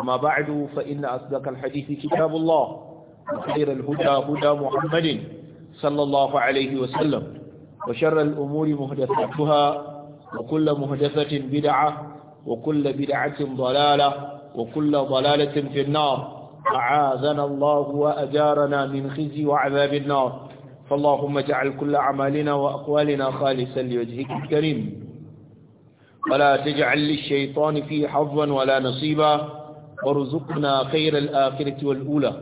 أما بعد فإن أصدق الحديث كتاب الله وخير الهدى هدى محمد صلى الله عليه وسلم وشر الأمور مهدثتها وكل مهدثة بدعة وكل بدعة ضلالة وكل ضلالة في النار أعاذنا الله وأجارنا من خزي وعذاب النار فاللهم اجعل كل أعمالنا وأقوالنا خالصا لوجهك الكريم ولا تجعل للشيطان فيه حظا ولا نصيبا وارزقنا خير الآخرة والأولى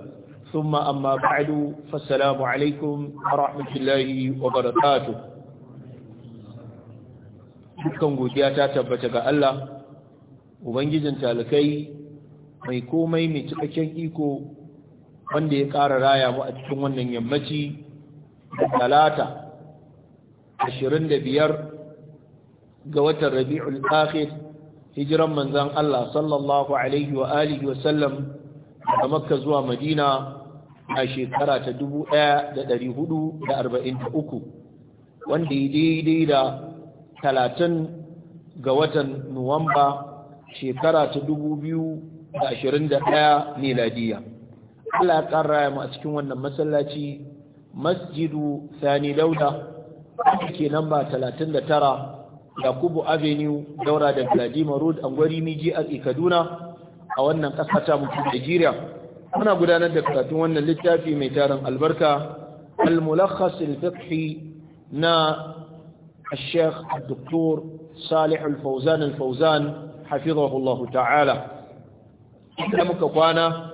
ثم أما بعد فالسلام عليكم ورحمة الله وبركاته dukkan godiya ta tabbata ga Allah ubangijin talakai mai komai mai cikakken iko wanda ya ƙara raya mu a cikin wannan yammaci da talata 25 ga watan rabi'ul akhir hijiran manzan Allah sallallahu alaihi wa alihi wa sallam daga makka zuwa madina a shekara ta 1443 wanda ya daidai da talatin ga watan nuwamba shekara ta 2021 miladiya Allah ya ƙara mu a cikin wannan masallaci masjidu sani dauda ke namba tara. yakubu avenue daura da vladimir road angwari miji a kaduna a wannan ƙasa ta mutu nigeria muna gudanar da karatun wannan littafi mai tarin albarka al-mulakhas al-fiqhi na الشيخ الدكتور صالح الفوزان الفوزان حفظه الله تعالى kwana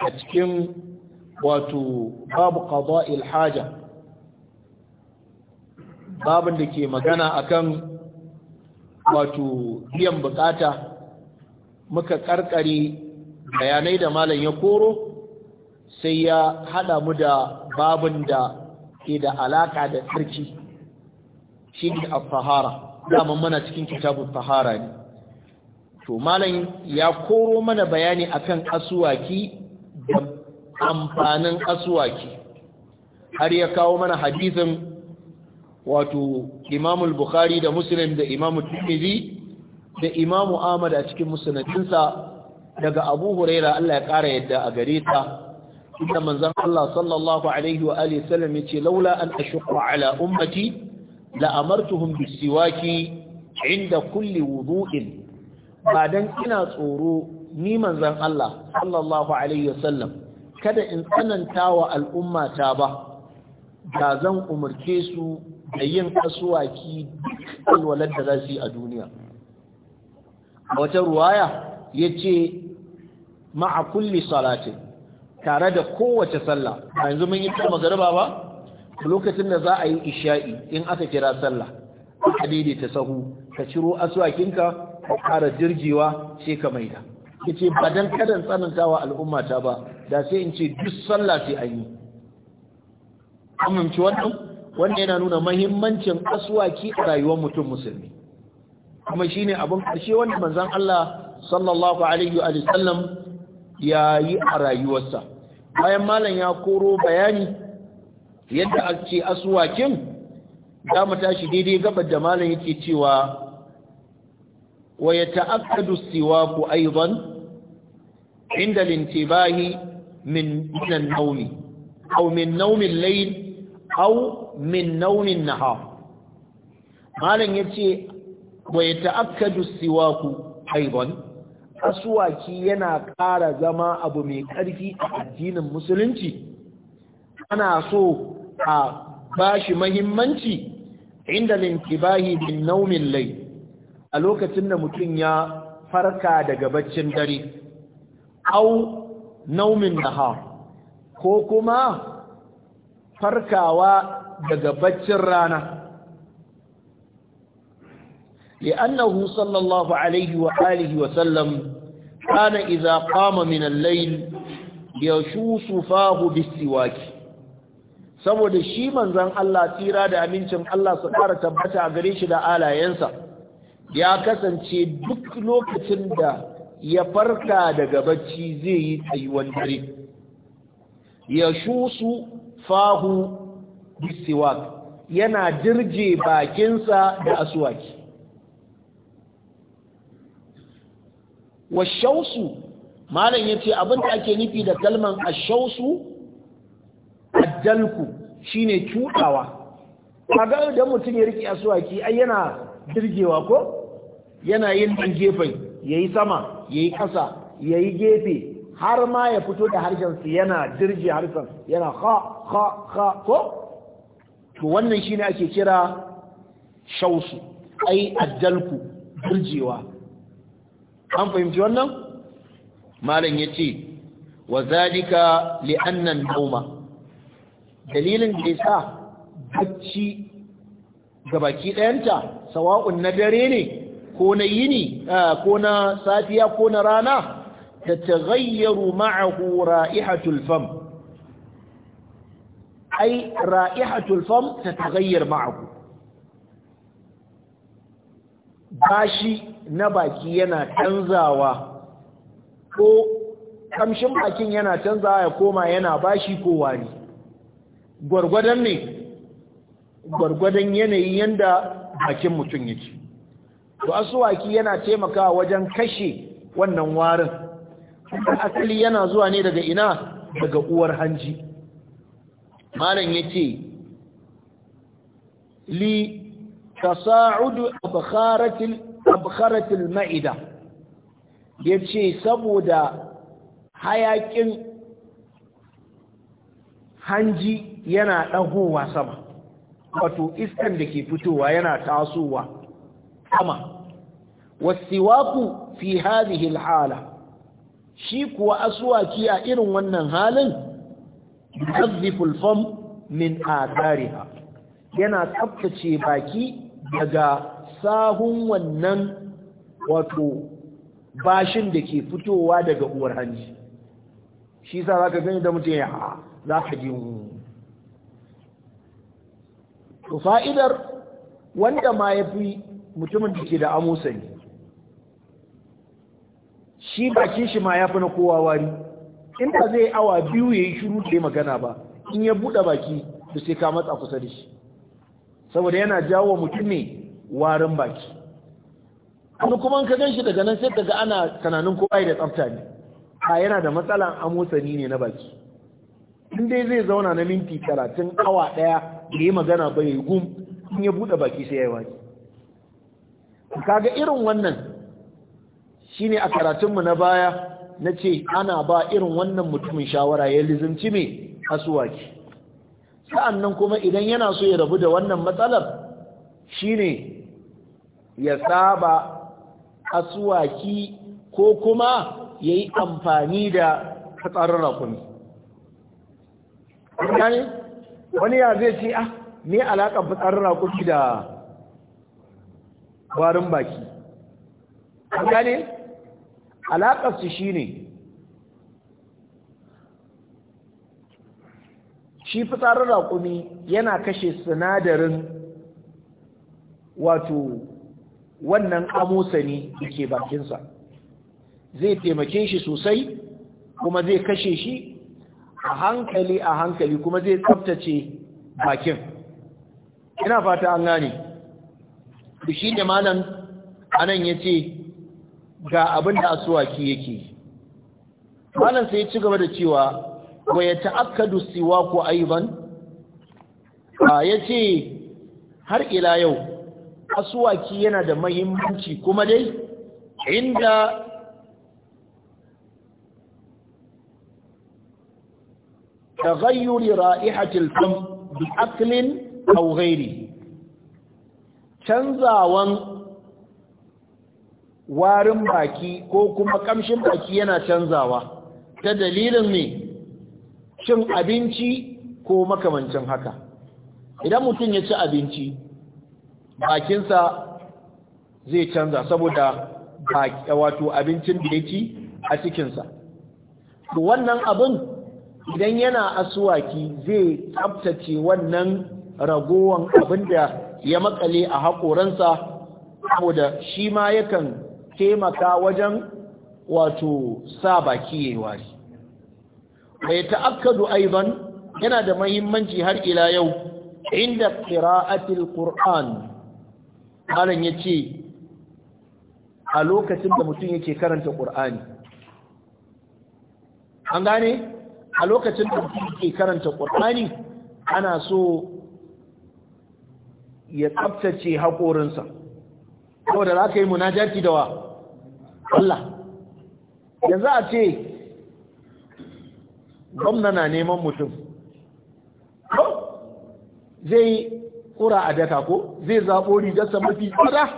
a cikin wato babu qada'il haja babin da ke magana akan wato biyan bukata muka karkare bayanai da malam ya koro sai ya hada mu da babin da ke da alaka da tsarki shi ne a fahara daman mana cikin kitabun fahara ne to malam ya koro mana bayani akan asuwaki da amfanin asuwaki har ya kawo mana hadisin wato imamul bukhari da muslim da imamu tirmidhi da imamu ahmad a cikin musnadinsa daga abu huraira Allah ya kara yadda a gare ta inda manzon Allah sallallahu alaihi wa alihi sallam yace laula an ashqa ala ummati la amartuhum bisiwaki inda kulli wudu'in ba dan ina tsoro ni manzon Allah sallallahu alaihi wa sallam kada in tsananta wa al'ummata ba da zan umarce su da yin asuwaki duk alwalar da za su yi a duniya a wata ruwaya ya ce ma'a kulle salatin tare da kowace sallah a yanzu mun yi ta magariba ba lokacin da za a yi isha'i in aka kira sallah a daidaita sahu ka ciro asuwakinka ka kara jirgewa sai ka maida ya ce ba don kadan tsanantawa al'ummata ba da sai in ce duk sallah sai an yi amince wannan wanda yana nuna mahimmancin aswaki a rayuwar mutum musulmi kuma shine abin karshe wanda manzon Allah sallallahu alaihi wa sallam ya yi a rayuwarsa bayan malam ya koro bayani yadda ake aswakin za mu tashi daidai gabar da malam yake cewa wa yata'akkadu as-siwaku aidan inda al min min an-nawmi min nawmi layl au min naumin naha malam yace wa yata'akkadu siwaku aidan aswaki yana ƙara zama abu mai ƙarfi a addinin musulunci ana so a bashi mahimmanci inda linkibahi bin naumin lai a lokacin da mutum ya farka daga baccin dare au naumin Naha, ko kuma farkawa daga baccin rana لأنه صلى الله عليه وآله وسلم كان إذا قام من saboda shi manzon Allah tsira da amincin Allah su ƙara tabbata a gare shi da alayensa ya kasance duk lokacin da ya farka daga bacci zai yi tsayuwan dare yashusu fahu bisiwak yana dirje bakinsa da aswaki washausu malam yace abin da ake nufi da kalman ashausu ajalku shine cutawa kaga da mutum ya rike asuwaki ai yana dirgewa ko yana yin dan gefen yayi sama yayi kasa yayi gefe har ma ya fito da harshen su yana dirje harshen yana kha kha kha ko to wannan shine ake kira shausu ai addalku dirjewa an fahimci wannan malam yace wa zalika li anna nauma dalilin da yasa bacci gabaki ɗayanta sawa'un na dare ne ko na yini ah, ko na safiya ko na rana تتغير معه رائحة الفم أي رائحة الفم تتغير bashi na baki yana canzawa ko kamshin bakin yana canzawa ya koma yana bashi ko wani gwargwadon ne gwargwadon yanayin yanda bakin mutum yake Wasu waki yana taimakawa wajen kashe wannan warin asali yana zuwa ne daga ina daga uwar hanji malam yace li a abkharatil abkharatil ma'ida yace saboda hayakin hanji yana dahowa sama wato iskan da ke fitowa yana tasowa sama wasiwaku fi hadhihi alhala shi kuwa asuwaki a irin wannan halin azziful fam min adariha yana tsaftace baki daga sahun wannan wato bashin da ke fitowa daga uwar hanji shi sa za ka gani da mutum ya ah, za ka ji fa'idar wanda ma ya fi mutumin da ke da amosani shi bakin shi ma ya fi na kowa wari in ba zai awa biyu ya yi shuru da ya magana ba in ya buɗe baki da sai ka matsa kusa da shi saboda yana jawo mutum ne warin baki wani kuma ka gan shi daga nan sai daga ana sananin kowa da tsafta ne a yana da matsalan amosani ne na baki in dai zai zauna na minti talatin awa ɗaya da ya magana bai gum in ya buɗe baki sai ya yi wani kaga irin wannan shine a karatunmu na baya na ce ana ba irin wannan mutumin shawara ya lizinci mai asuwaki sa'annan kuma idan yana so ya rabu da wannan matsalar shine ya saba asuwaki ko kuma ya yi amfani da hatsarin rakuni wani ya zai ce ah ne alaƙar fitsarin rakuni da warin baki gane alaƙarsu shi ne shi fitsarin raƙumi yana kashe sinadarin wato wannan amosani ke bakinsa zai taimake shi sosai kuma zai kashe shi a hankali a hankali kuma zai tsabtace bakin ina fata an gane da shi ne malam anan ya ce ga abin da asuwaki yake malam sai ya ci gaba da cewa wa ya ta'akkadu siwaku aiban ce, har ila yau asuwaki yana da mahimmanci kuma dai inda تغير رائحة الفم بأكل أو غيره canzawan warin baki ko kuma kamshin baki yana canzawa ta dalilin ne cin abinci ko makamancin haka idan mutum ya ci abinci bakinsa zai canza saboda wato abincin da ya ci a cikinsa wannan abin idan yana asuwaki zai tsabtace wannan ragowan abin da ya makale a haƙoransa saboda shi ma yakan taimaka wajen wato sa baki ya yi wari bai ta'akkadu ban yana da mahimmanci har ila yau inda qira'atil qur'an malam yace a lokacin da mutum yake karanta qur'ani an gane a lokacin da mutum yake karanta qur'ani ana so ya tsaftace haƙorinsa saboda za ka yi munajati da wa Allah yanzu a ce gwamna na neman mutum Ko zai yi kura a daka ko zai zaɓo rigarsa mafi tsada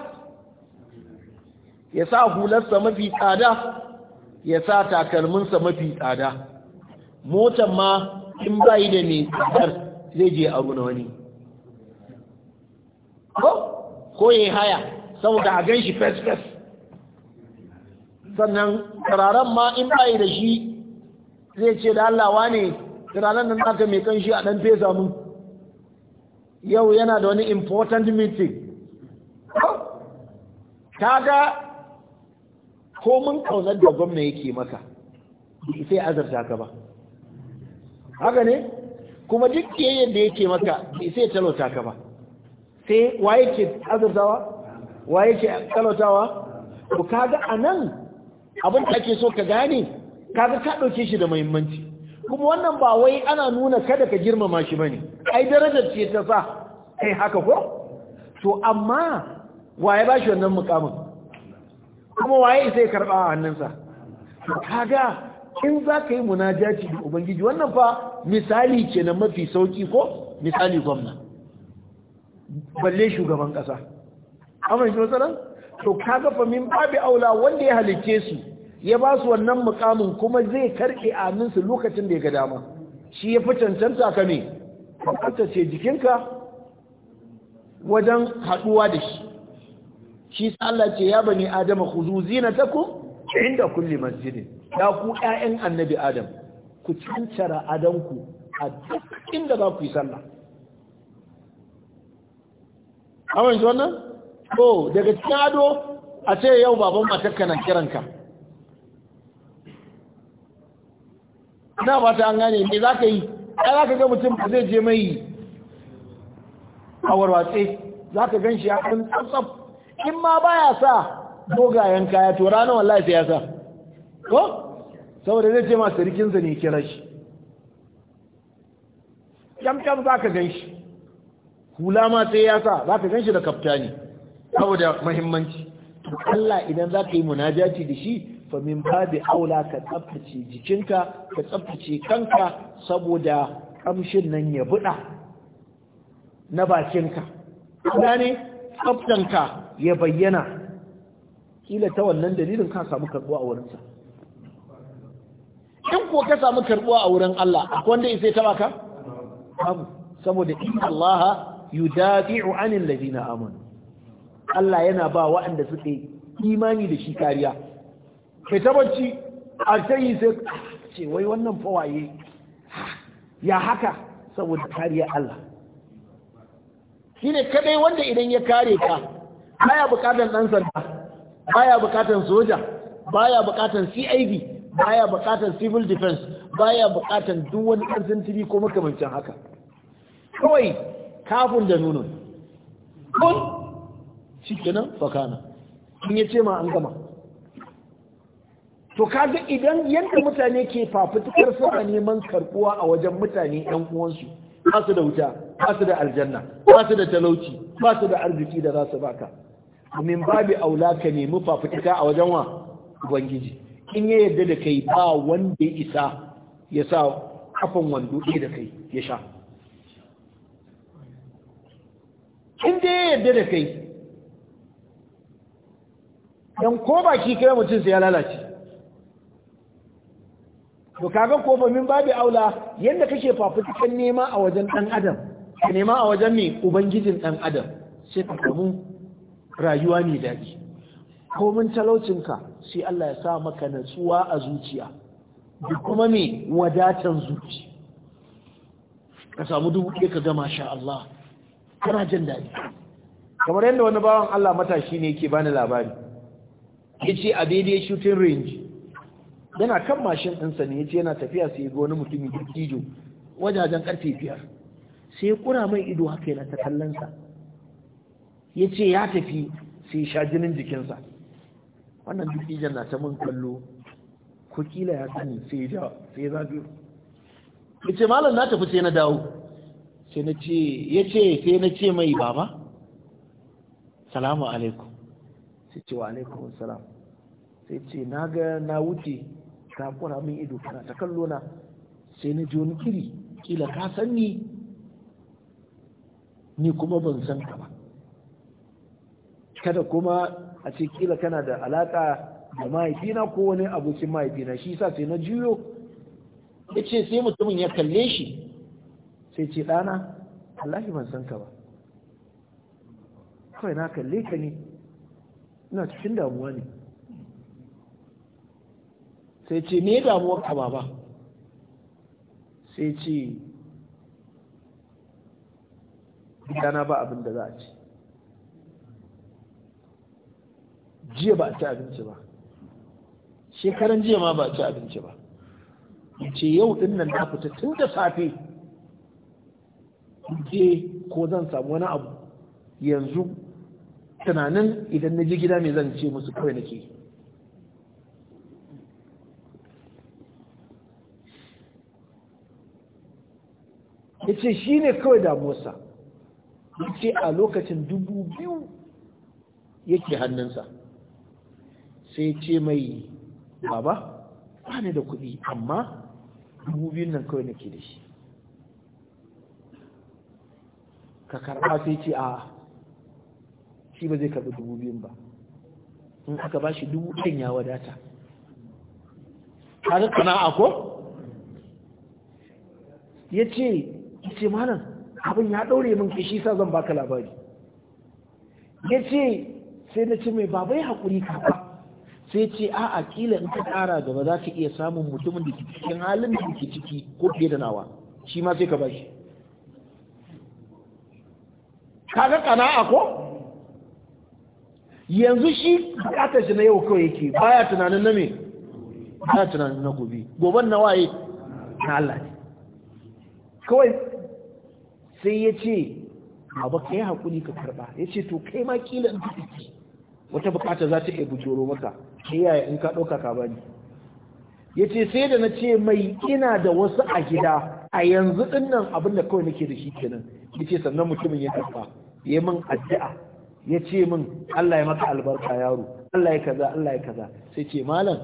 ya sa hularsa mafi tsada ya sa takalminsa mafi tsada Motan ma in bayi da ne tsadar zai je a na wani ko ya haya saboda a gan shi fes-fes sannan turaren ma in yi da shi zai ce da allawa ne turaren nan aka mai kan shi a ɗan fesa mun yau yana da wani important meeting Ta ga komin kaunar da gwamna yake maka sai azarta ka ba haka ne kuma duk yayin da yake maka sai talauta ka ba sai waye ke azartawa wa yake talautawa to kaga anan abin da ake so ka gane kaga ka dauke shi da muhimmanci kuma wannan ba wai ana nuna kada ka girmama shi bane ai darajar ce ta sa kai haka ko to amma waye ba shi wannan mukamin kuma waye sai karba a hannunsa to kaga in za ka yi munajaci da ubangiji wannan fa misali ce na mafi sauki ko misali gwamna balle shugaban kasa amma shi matsalan to kaga fa min babi aula wanda ya halicce su ya ba su wannan mukamin kuma zai karbe amin su lokacin da ya ga dama shi ya fi cancanta ka ne ka ce jikinka wajen haɗuwa da shi shi Allah ce ya bani adama khuzu zinatakum inda kulli masjidin da ku ƴaƴan annabi adam ku cancara adanku a duk inda za ku yi sallah shi wannan ko daga cikin ado a ce yau baban matakka na kiranka na ba ta an gane me za ka yi ai za ka ga mutum ba zai je mai a warwatse za ka gan shi a kan tsatsaf in ma baya sa dogayen kaya to ranar wallahi sai ya sa ko saboda zai ce ma rikinsa ne kira shi kyamkyam za ka gan shi hula ma sai ya sa za ka gan shi da kaftani saboda muhimmanci Allah idan za ka yi munajati da shi fa min babi aula ka tsaftace jikinka ka tsaftace kanka saboda kamshin nan ya buɗa na bakinka kuma ne tsaftanka ya bayyana kila ta wannan dalilin ka samu karbuwa a wurinsa in ko ka samu karbuwa a wurin Allah akwai wanda isai taba ka saboda in Allah yudafi'u anil ladina amanu Allah yana ba waɗanda suke imani da shi kariya kai ta a sai ce wai wannan fawaye ya haka saboda kariya Allah Shi ne kadai wanda idan ya kare ka baya bukatan dan sanda baya bukatan soja baya bukatan CID baya bukatan civil defense baya bukatan duk wani ɗan sintiri ko makamancin haka kawai kafin da nuno shikenan fakana in ya ce ma an gama to kaga idan yadda mutane ke fafutukar suna neman karbuwa a wajen mutane yan uwansu ba su da wuta ba su da aljanna ba su da talauci ba su da arziki da za su baka min babi aula ka nemi fafutuka a wajen wa ubangiji in ya yarda da kai ba wanda ya isa ya sa kafan wando ke da kai ya sha in dai ya yarda da kai don ko baki kai mutum sai ya lalace to kaga ko ba min babu aula yanda kake fafutukan nema a wajen dan adam ka nema a wajen ne ubangijin dan adam sai ka samu rayuwa mai daɗi talaucin talaucinka sai Allah ya sa maka natsuwa a zuciya da kuma mai wadatan zuci ka samu dubu ɗaya ka gama sha Allah kana jin daɗi kamar yadda wani bawan Allah matashi ne yake bani labari ya ce a daidai shooting range yana kan mashin ɗinsa ne ya ce yana tafiya sai ya ga wani mutum ya ijo wajajen karfe biyar sai ya kura mai ido haka yana ta kallonsa ya ce ya tafi sai sha jinin jikinsa wannan duk ijan na ta mun kallo ko kila ya sani sai ya sai ya zagayo ya ce malam na tafi sai na dawo sai na ce ya ce sai na ce mai baba salamu alaikum sai ce wa salam sai ce na ga na wuce ka kura min ido kana ta kallo na sai na ji wani kiri kila ka san ni ni kuma ban san ka ba kada kuma a ce kila kana da alaka da mahaifina ko wani abokin mahaifina shi sa sai na juyo ya ce sai mutumin ya kalle shi sai ce ɗana Allahi ban san ka ba kawai na kalle ka ne ina cikin damuwa ne sai ce me damuwar ka ba sai ce gidana ba abin da za a ci jiya ba a ci abinci ba shekaran jiya ma ba a ci abinci ba ce yau din nan na fita tun da safe je ko zan samu wani abu yanzu tunanin idan na ji gida mai zan ce musu kawai nake ya ce shi ne kawai damuwarsa ya ce a lokacin dubu biyu yake hannunsa sai ce mai baba ba ne da kuɗi amma dubu biyun nan kawai nake da shi ka karɓa sai ce a shi ba zai karɓi dubu biyun ba in aka ba shi dubu ɗin ya wadata kaga kana'a ko ya ce ce malam abin ya ɗaure min kishi sa zan baka labari ya ce sai na ce mai babai haƙuri kafa sai ce a ƙila in ka ƙara gaba za ka iya samun mutumin da ke cikin halin da ke ciki ko fiye da nawa shi ma sai ka bashi kaga kana'a ko yanzu shi bukatar shi na yau kawai yake baya tunanin na me baya tunanin na gobe goban na waye na Allah ne kawai sai ya ce abu kai hakuri haƙuri ka karɓa ya ce to kai ma kila in fi wata bukata za ta iya bujoro maka sai yaya in ka ɗauka ka bani ya ce sai da na ce mai ina da wasu a gida a yanzu ɗin nan abin da kawai nake da shi kenan ya ce sannan mutumin ya karba ya yi min addu'a ya ce min Allah ya maka albarka yaro Allah ya kaza Allah ya kaza sai ce malam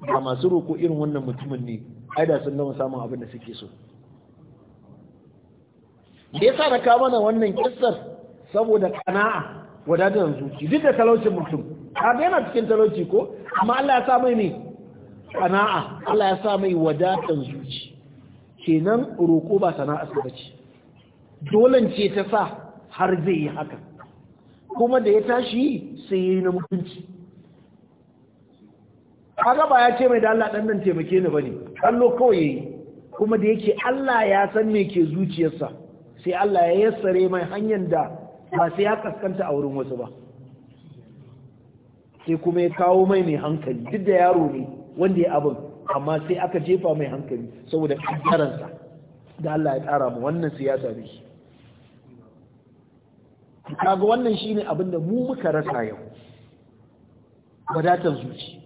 ba masu roko irin wannan mutumin ne ai da sun gama samun abin da suke so me yasa na kawo mana wannan kissar saboda kana'a wadatar zuci duk da talaucin mutum ga yana cikin talauci ko amma Allah ya sa mai ne kana'a Allah ya sa mai wadatar zuci kenan roko ba sana'a su bace dolan ce ta sa har zai yi haka kuma da ya tashi sai ya yi na mutunci kaga ba ya ce mai da Allah ɗannan nan taimake ni bane kallo kawai yi. kuma da yake Allah ya san me ke zuciyarsa sai Allah ya yassare mai hanyar da ba sai ya kaskanta a wurin wasu ba sai kuma ya kawo mai mai hankali duk da yaro ne wanda ya abin amma sai aka jefa mai hankali saboda kaddaransa da Allah ya tsara mu wannan siyasa ne shi kaga wannan shine abin da mu muka rasa yau wadatar zuci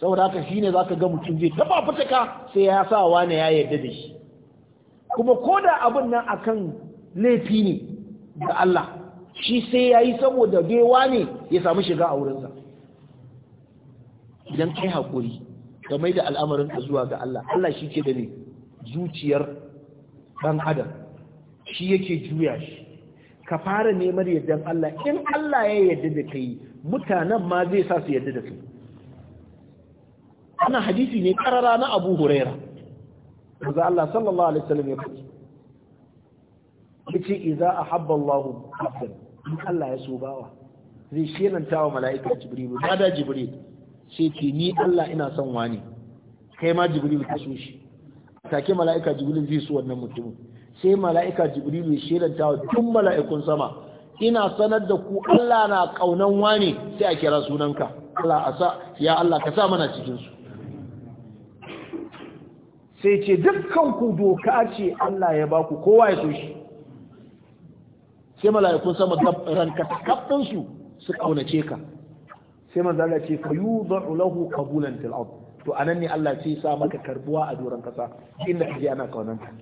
saboda haka shine zaka ga mutum zai taba fitaka sai ya sa wani ya yarda da shi kuma ko da abin nan akan laifi ne ga Allah shi sai ya yi saboda baiwa ne ya samu shiga a wurinsa idan kai haƙuri ka mai da ka zuwa ga Allah Allah shi ke da ne zuciyar ɗan adam shi yake juya shi ka fara neman yardan Allah in Allah ya yarda da kai mutanen ma zai sa su yarda da kai ana hadisi ne karara na Abu Huraira manzo Allah sallallahu alaihi wasallam ya faɗi yace idza ahabba Allah abdan in Allah ya so bawa zai shenanta wa mala'ika Jibril da da Jibril sai ce ni Allah ina son wani kai ma Jibril ka so shi take mala'ika Jibril zai so wannan mutumin sai mala'ika jibrilu ya shelanta wa tun mala'ikun sama ina sanar da ku Allah na ƙaunan wane sai a kira sunanka Allah sa ya Allah ka sa mana cikinsu. sai ce dukkan ku doka ce Allah ya baku kowa ya so shi sai mala'ikun sama ranka kaddin su su kaunace ka sai manzo Allah ce ka yi lahu qabulan fil to anan ne Allah sai sa maka karbuwa a doron kasa inda kaje ana ƙaunanta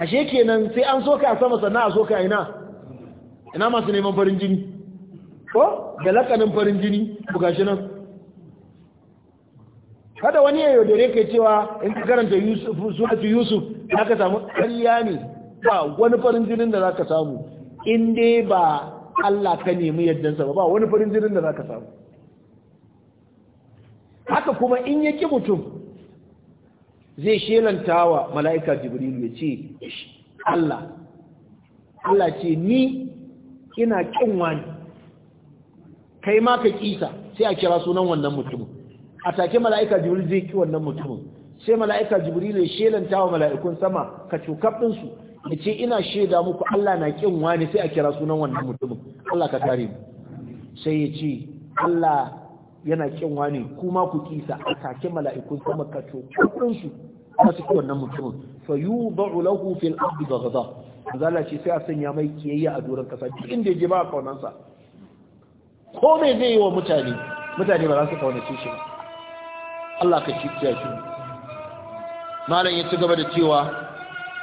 ashe kenan sai an soka a sama sannan a soka a ina ina masu neman farin jini ko da lakanin farin jini ku gashi nan kada wani ya yaudare ka cewa in ka karanta suratu yusuf za ka samu kariya ne ba wani farin jinin da za ka samu in dai ba Allah ka nemi yaddansa ba ba wani farin jinin da za ka samu haka kuma in ya ki mutum zai shelanta wa mala'ika jibrilu ya ce Allah Allah ce ni ina kin wani kai ma ka kisa sai a kira sunan wannan mutumin a take mala'ika jibril zai ki wannan mutumin sai mala'ika jibril ya shelanta wa mala'ikun sama ka cukab din su ya ce ina sheda muku Allah na kin wani sai a kira sunan wannan mutumin Allah ka tare mu sai ya ce Allah yana kin wani kuma ku kisa a take mala'ikun sama ka to kudin su ba su wannan mutumin fa yudau lahu fil ardi baghda zalla ce sai a sanya mai kiyayya a doron kasa inda je ba kaunan sa ko me zai yi wa mutane mutane ba za su kaunace shi ba Allah ka cikiya shi malam ya ci gaba da cewa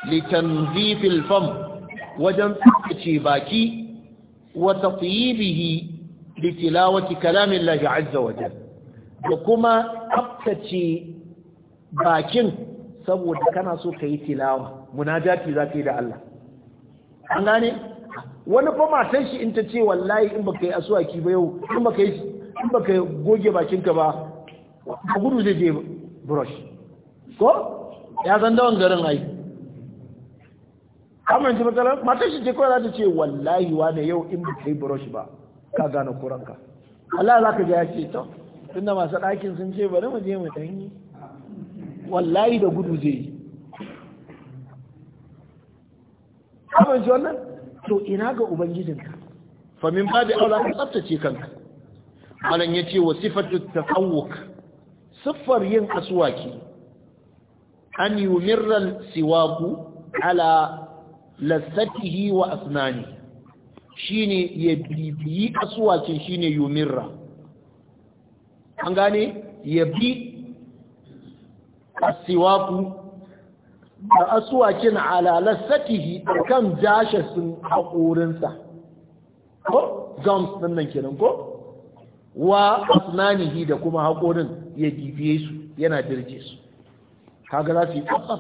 litanzifil fam wajen tsaftace baki wa tatyibihi لتلاوه kalamin الله عز وجل وكما da kuma tsaftace bakin saboda كاي so ka yi tilawa الله za yi da Allah wani fa matan shi in ta ce wallahi in baka yi asuwaki ba yau in baka yi in baka goge bakinka ba ka gudu zai je brush ko ya san dawan garin ai ji matsalar matan shi ce kawai za ta ce wallahi wane yau in baka yi brush ba ka gane kuranka Allah za ka ji ya ce to tunda masu ɗakin sun ce bari mu je mu yi wallahi da gudu zai yi kamar ji wannan to ina ga ubangijinka famin ba da aula ka tsabtace kanka malam ya ce wa sifatu taqawwuk siffar yin aswaki an yumirra siwaku ala lazzatihi wa asnani shine ya bibiyi asuwacin shine yumirra an gane ya bi asiwaku da asuwacin alalar sakihi a kan sun haƙorinsa ko gums nan kenan ko wa asnanihi da kuma haƙorin ya bibiye su yana dirje su kaga za su yi ƙasar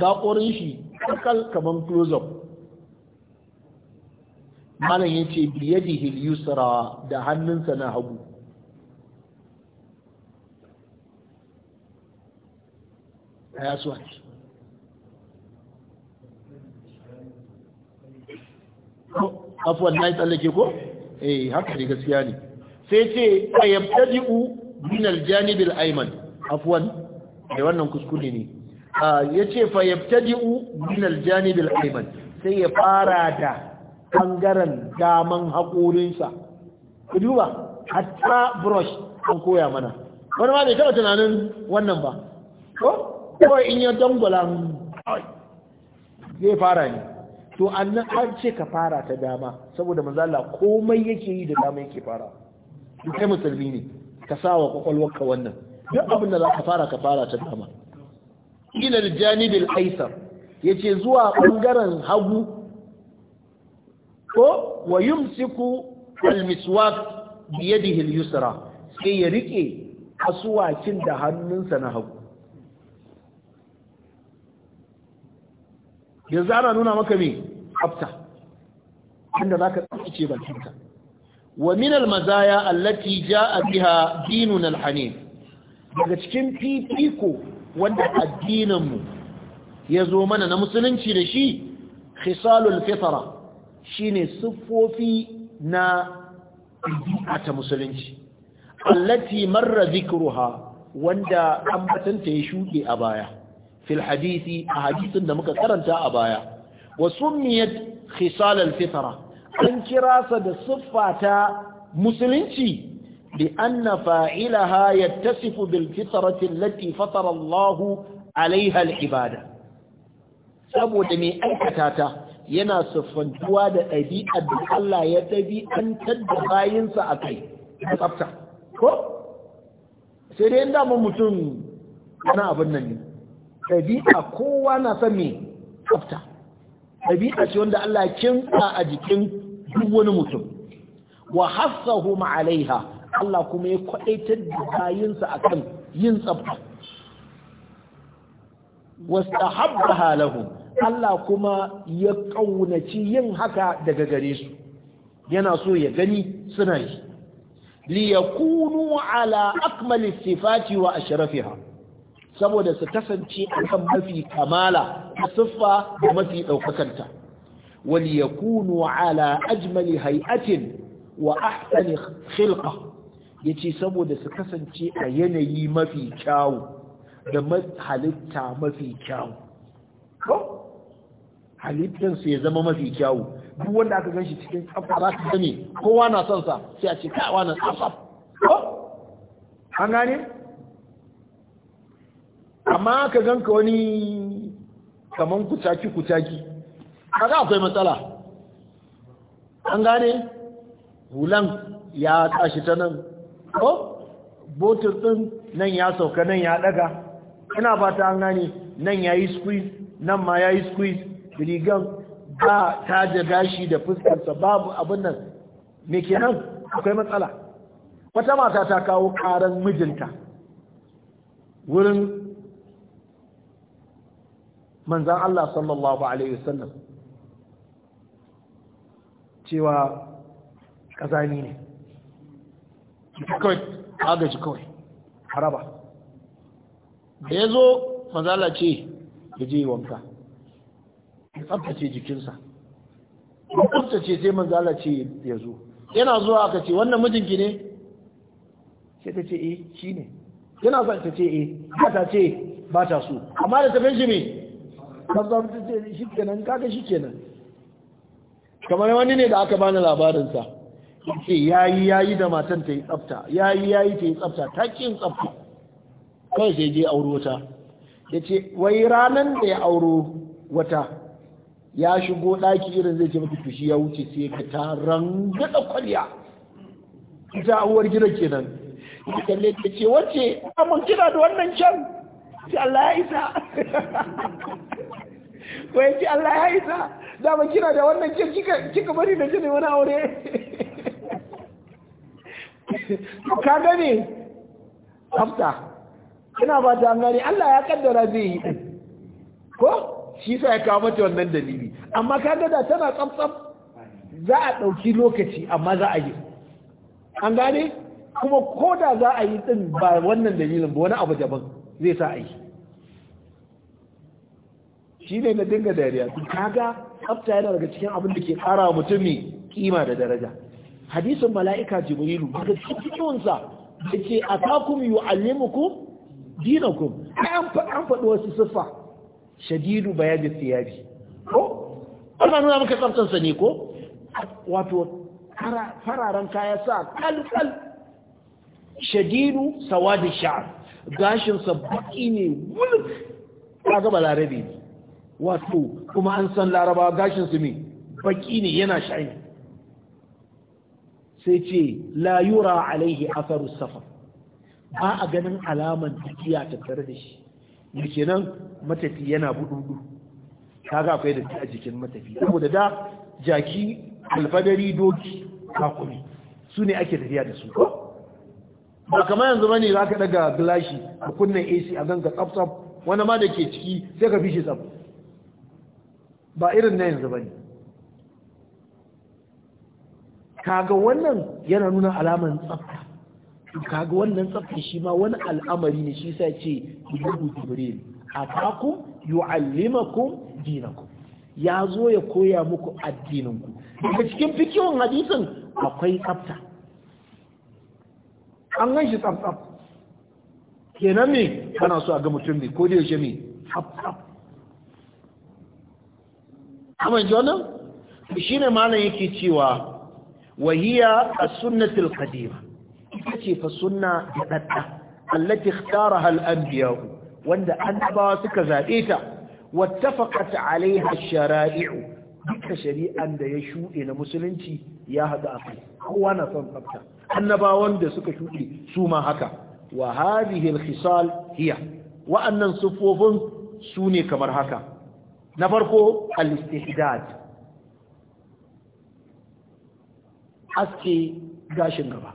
haƙorin shi kakal kamar close-up malam ya ce biyadihi yusra da hannunsa na hagu ya suwa afuwan na yi tsallake ko? eh haka ne gaskiya ne sai ce a yabtadi'u min janibin ayman afuwan da eh, wannan kuskure ne ah, ya ce fa yabtadi'u min janibin ayman sai ya fara da ɓangaren daman haƙorinsa ku duba hatta brush an koya mana wani ma bai taɓa tunanin wannan ba ko kawai in ya dangwala zai fara ne to nan an ce ka fara ta dama saboda mazala komai yake yi da dama yake fara kai musulmi ne ka sa wa kwakwalwarka wannan duk abin da za ka fara ka fara ta dama ila janibin aisar yace zuwa ɓangaren hagu ko wa yumsiku almiswak biyadihi al-yusra sai ya rike asuwakin da hannunsa na hagu yanzu ana nuna maka me tsafta inda zaka tsaftace bakinka wa min al-mazaya allati jaa biha dinun al daga cikin fifiko wanda addinin mu zo mana na musulunci da shi khisalul fitra shine siffofi na ta musulunci allati marra zikruha wanda batanta ya shuke a baya fil hadisi a hadisin da muka karanta a baya wa summiyat khisal al fitra an kira sa da siffata musulunci bi anna fa'ilaha yattasifu bil fitrati allati fatara Allah alaiha al ibada saboda me aikata ta yana siffantuwa da ɗabi'ar da Allah ya an tadda bayinsa a kai da tsafta ko sai dai dama mutum wani abin nan ne ɗabi'a kowa na san me tsafta ɗabi'a ce wanda Allah ya kinsa a jikin duk wani mutum wa hassahu ma'alaiha Allah kuma ya kwaɗaitar da bayinsa akan yin tsafta wastahabbaha halahu. Allah kuma ya ƙaunaci yin haka daga gare su yana so ya gani suna yi liyakunu ala akmali sifati wa ashrafiha saboda su kasance akan mafi kamala da siffa da mafi daukakanta waliyakunu ala ajmali hay'atin wa ahsani khilqa yace saboda su kasance a yanayi mafi kyawu da halitta mafi kyawu halittarsa ya zama mafi kyawu duk wanda aka ganshi cikin tsafa ta ka kowa na son sa sai a ce kai wani Ko an gane amma aka ka wani kaman kucaki kucaki kaga akwai matsala an gane hulan ya tashi ta nan ko botar din nan ya sauka nan ya daga ina ba ta an gane nan ya yi squeeze nan ma ya yi squeeze rigan ba ta da gashi da fuskarsa babu abin nan me kenan akwai matsala wata mata ta kawo karan mijinta wurin manzan Allah sallallahu alaihi wasallam cewa kazani ne kawai agaji kawai haraba da ya zo mazala ce ya je wanka ya tsabtace jikinsa ya tsabtace sai manzala ce ya zo yana zuwa aka ce wannan mijinki ne sai ta ce eh shi ne yana zuwa ta ce eh ta ce ba ta so amma da tafi shi me kasan ta ce shi kenan kaga shi kenan kamar wani ne da aka bani labarinsa ce yayi yayi da matan ta yi tsafta yayi yayi ta yi tsafta ta kin tsafta kawai sai je auro ta ya ce wai ranan da ya auro wata ya shigo ɗaki irin zai ce maka fushi ya wuce sai ka ta rangada kwaliya. ita uwar gidan kenan ita kalle ta ce wace amin ah, kina da wannan can sai Allah ya isa ko ya ce Allah ya isa Da ba kina da wannan can kika bari da jini wani aure ka gane hafta ina ba ta gane Allah ya kaddara zai yi ko shi sa ya kawo mata wannan dalili amma kaga da tana tsamtsam za a ɗauki lokaci amma za a yi an gane kuma ko da za a yi ɗin ba wannan dalilin ba wani abu daban zai sa a yi shi ne na dinga dariya kaga tsafta yana daga cikin abin da ke ƙara wa mutum mai ƙima da daraja hadisin mala'ika jibrilu daga cikinsa da ke atakum yu'allimukum dinakum an faɗi wasu siffa shadidu bayadi thiyabi ko Allah nuna maka tsaftar sa ne ko wato fararen kaya sa kal shadidu sawadi sha'r gashin sa baki ne wulk kaga balarabi ne wato kuma an san laraba gashin su me baki ne yana shine sai ce la yura alaihi asaru safar ba a ganin alaman tafiya tattare da shi yake nan matafi yana bududu kaga akwai da a jikin matafi saboda da jaki alfadari doki kakumi su ne ake tafiya da su ba kama yanzu bane za ka daga gilashi a kunnen ac a ganka tsaf wani ma da ke ciki sai ka fi shi tsaf ba irin na yanzu bane kaga wannan yana nuna alamar tsaf kaga wannan tsafta shi ma wani al'amari ne shi sa ce ibu jibril ataku yu'allimakum dinakum ya zo ya koya muku ku daga cikin fikihun hadisin akwai tsafta an gan shi tsaf kenan me kana so a ga mutum ne ko da yaushe me tsaf amma jona shi ne malam yake cewa wahiya as-sunnatul qadima ita ce fa sunna da dadda hal ikhtaraha al-anbiya wanda annabawa suka zaɓe ta wattafaqat alaiha ash-shara'i'u duka shari'an da ya shuɗe na musulunci ya haɗa a kai kowa na son tsafta annabawan da suka shuɗe su ma haka wa hadhihi al-khisal hiya wa'annan sufofin su ne kamar haka na farko al-istihdad aske gashin gaba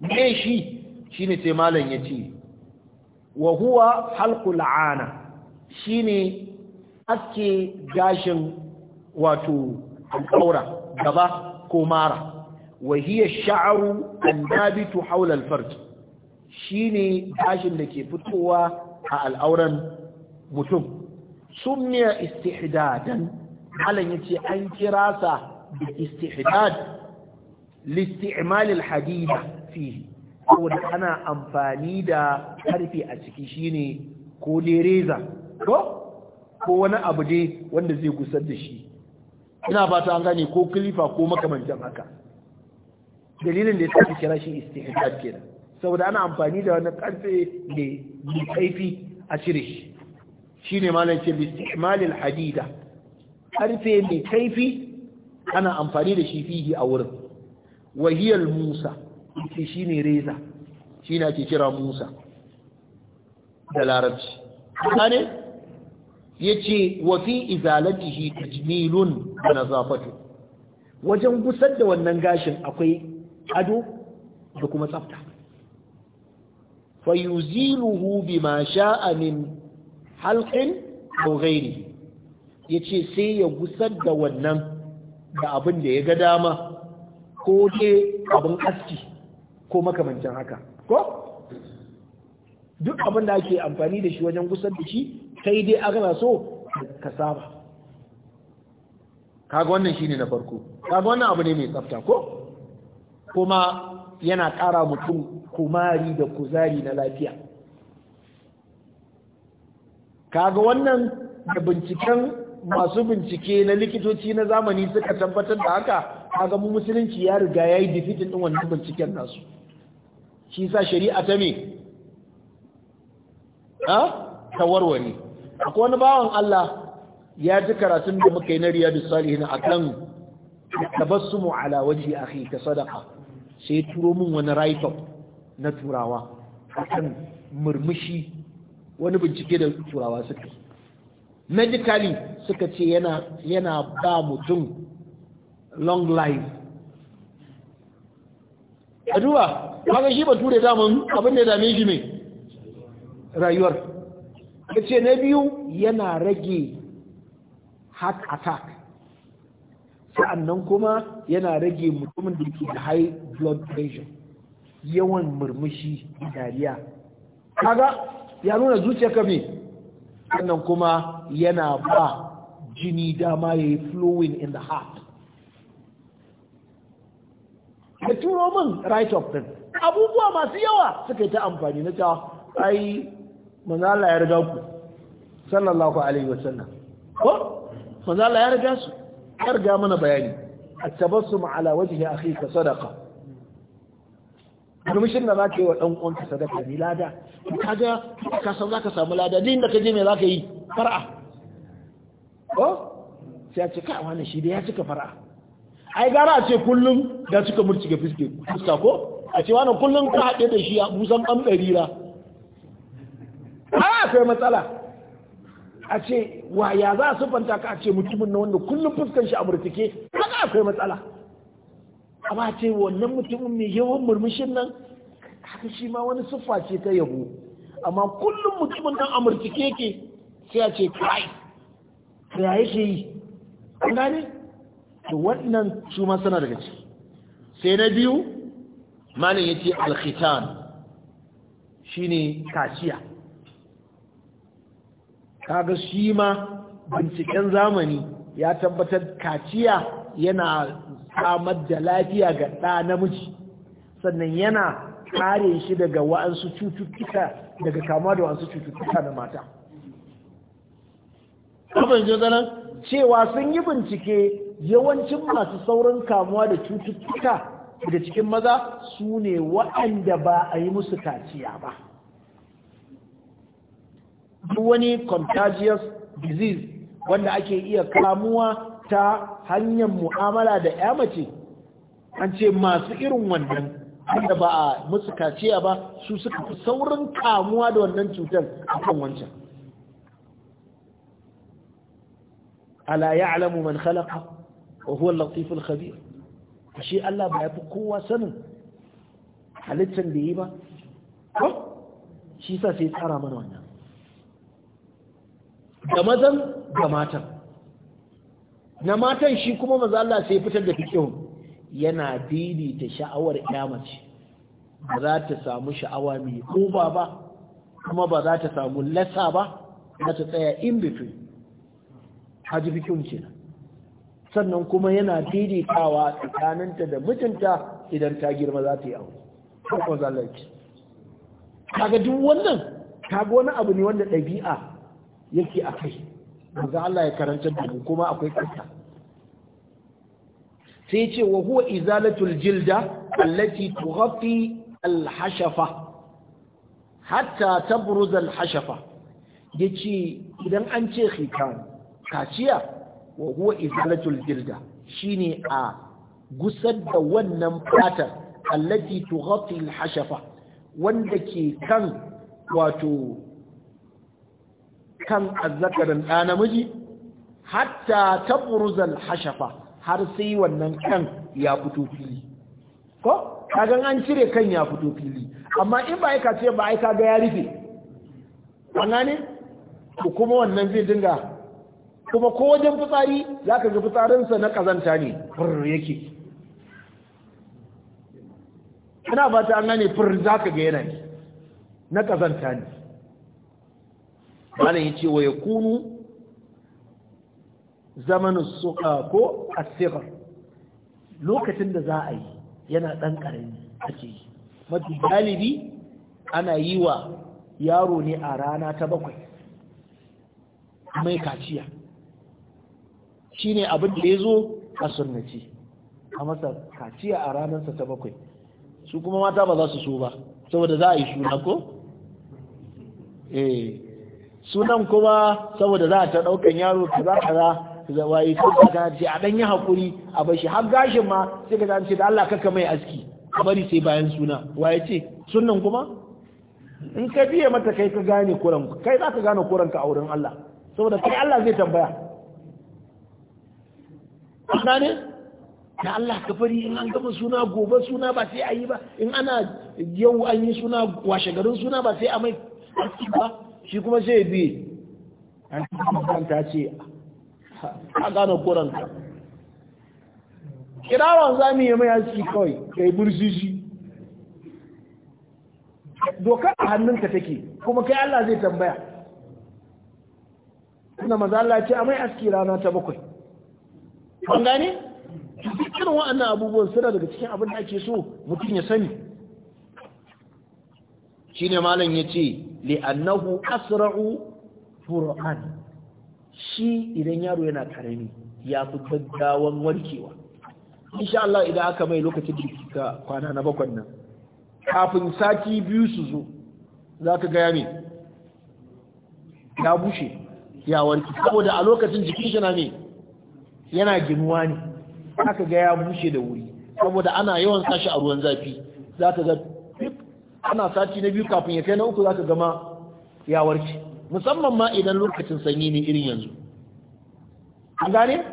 me shi shine sai malam yace wa huwa halqul ana shine ake gashin wato alƙaura gaba ko mara wa hiya sha'ru annabitu hawla alfarj shine gashin da ke fitowa a al'auran mutum summiya istihdadan malam yace an kira sa bi istihdad li isti'mal alhadida fihi da ana amfani da karfe a ciki shine ko dereza ko ko wani abu dai wanda zai gusar da shi ina fata an gane ko kilifa ko makamancin haka dalilin da ya sa kira shi istihdad kenan saboda ana amfani da wani karfe ne mai kaifi a cire shi shine malam ce bi istimalil hadida karfe mai kaifi ana amfani da shi fihi a wurin wahiyar musa ce shi ne reza shi na ke kira musa da larabci ne ya ce wafi ta tajmilun da zafatu. wajen gusar da wannan gashin akwai ado da kuma tsafta fayuziluhu bima ma sha'anin halqin aw ya yace sai ya gusar da wannan da abin da ya ga dama ko ke abin aski ko makamancin haka ko duk abin da ake amfani da shi wajen gusar da shi sai dai agana so ka saba kaga wannan shine na farko kaga wannan abu ne mai tsafta ko kuma yana ƙara mutum kumari da kuzari na lafiya kaga wannan da binciken masu bincike na likitoci na zamani suka tabbatar da haka kaga mu musulunci ya riga ya yi difitin ɗin wannan binciken nasu shi sa shari'a ta me ha ta warware akwai wani bawan Allah ya ji karatun da muka yi na riyadu salihin akan tabassumu ala waje akhi ka sadaqa sai turo min wani write na turawa akan murmushi wani bincike da turawa suka medically suka ce yana yana ba mutum long life aduwa kaga shi bature daman abin da ya dame shi mai rayuwar ya na biyu yana rage heart attack sa'annan kuma yana rage mutumin da ke da high blood pressure yawan murmushi dariya kaga ya nuna zuciya ka bi. sannan kuma yana ba jini dama ya yi flowing in the heart ya turo min right of them abubuwa masu yawa suka yi ta amfani na cewa ai manzala ya riga ku sallallahu alaihi wa sallam. ko manzala ya riga su ya riga mana bayani at-tabassum ala wajhi akhika sadaqa permission da zaka yi wa dan uwanka sadaka ni lada kaga ka san zaka samu lada din da kaje me zaka yi fara ko sai a ce ka wani shi da ya cika fara ai gara a ce kullum da suka murci ga fiske fuska ko a ce wani kullum ka haɗe da shi a busan ɓan ɗarira a sai matsala a ce wa ya za a siffanta ka a ce mutumin na wanda kullum fuskan shi a murtike? a kai matsala amma ce wannan mutumin mai yawan murmushin nan haka shi ma wani siffa ce ta yabo amma kullum mutumin nan a murtike ke sai a ce kai sai ya yake yi an gane to wannan su ma suna daga ciki sai na biyu malin ya ce alkhitan shi ne kaciya kaga shi ma binciken zamani ya tabbatar kaciya yana samar da lafiya ga ɗa namiji sannan yana kare shi daga wa'ansu cututtuka daga kama da wa'ansu cututtuka na mata abin jozanar cewa sun yi bincike yawancin masu saurin kamuwa da cututtuka daga cikin maza su ne waɗanda ba a yi musu kaciya ba duk wani contagious disease wanda ake iya kamuwa ta hanyar mu'amala da ya mace an ce masu irin wannan wanda ba a musu kaciya ba su suka fi saurin kamuwa da wannan cutar a kan wancan ala ya'lamu man khalaqa wa huwa al ashe Allah ba ya fi kowa sanin halittar da yi ba ko shi sa sai tsara mana wannan da mazan da matan na matan shi kuma maza Allah sai fitar da fikihun yana daidaita sha'awar mace ba za ta samu sha'awa mai koba ba kuma ba za ta samu lasa ba za ta tsaya in bifin hajji ce kenan sannan kuma yana daidaitawa tsakaninta da mijinta idan ta girma za ta yi aure kuma zalunci kaga duk wannan kaga wani abu ne wanda ɗabi'a yake a kai daga Allah ya karanta da kuma akwai Ta sai ce wa huwa izalatul jilda allati tughaffi hatta tabruz al-hashafa yace idan an ce khitan kaciya wa huwa izalatul jilda shine a gusar da wannan fata allati tughati alhashafa hashafa wanda ke kan wato kan azzakarin ɗa namiji hatta tabruzal hashafa har sai wannan kan ya fito fili ko kagan an cire kan ya fito fili amma in ba aika ce ba aika ga ya rufe an gane kuma wannan zai dinga kuma ko wajen fitsari za ka ga fitsarinsa na ƙazanta ne fir yake ana ba ta gane fir za ka ga yanayi na ƙazanta ne malam ya cewa ya kunu zamanin suka ko asirar lokacin da za a yi yana ɗan ƙarami ake yi mafi galibi ana yi wa yaro ne a rana ta bakwai mai kaciya Shi ne abin da ya zo a sunnaci a masa kaciya a ranarsa ta bakwai su kuma mata ba za su so ba saboda za a yi suna ko? eh sunan kuma saboda za a ta ɗaukan yaro ka za ka za waye ko ka ta ce a ɗan yi haƙuri a bashi har gashin ma sai ka zance da Allah kaka mai aski a bari sai bayan suna waye ce sunan kuma in ka biye mata kai ka gane kuranka kai za ka gane kuranka a wurin Allah saboda kai Allah zai tambaya an gane da Allah ka fari in an gama suna gobe suna ba sai a yi ba in ana yau an yi suna washe garin suna ba sai a mai ba shi kuma sai biye an ta ce a gane kuranta kirawan za mu yi mai aski kawai ka yi burzi shi dokar a hannunka take kuma kai Allah zai tambaya suna maza Allah ce a mai aski rana ta bakwai an gane dukkan wa'annan abubuwan suna daga cikin abin da ake so mutum ya sani Shi shine malam ce li'annahu asra'u qur'an shi idan yaro yana karami ya fi gaggawan warkewa insha Allah idan aka mai lokacin da kwana na bakon nan kafin sati biyu su zo za ka gaya ne ya bushe ya warki saboda a lokacin jikin shi na ne yana ginuwa ne aka ga ya bushe da wuri saboda ana yawan sashi a ruwan zafi za ka ga ana sati na biyu kafin ya kai na uku za ka gama ya warke musamman ma idan lokacin sanyi ne irin yanzu an gane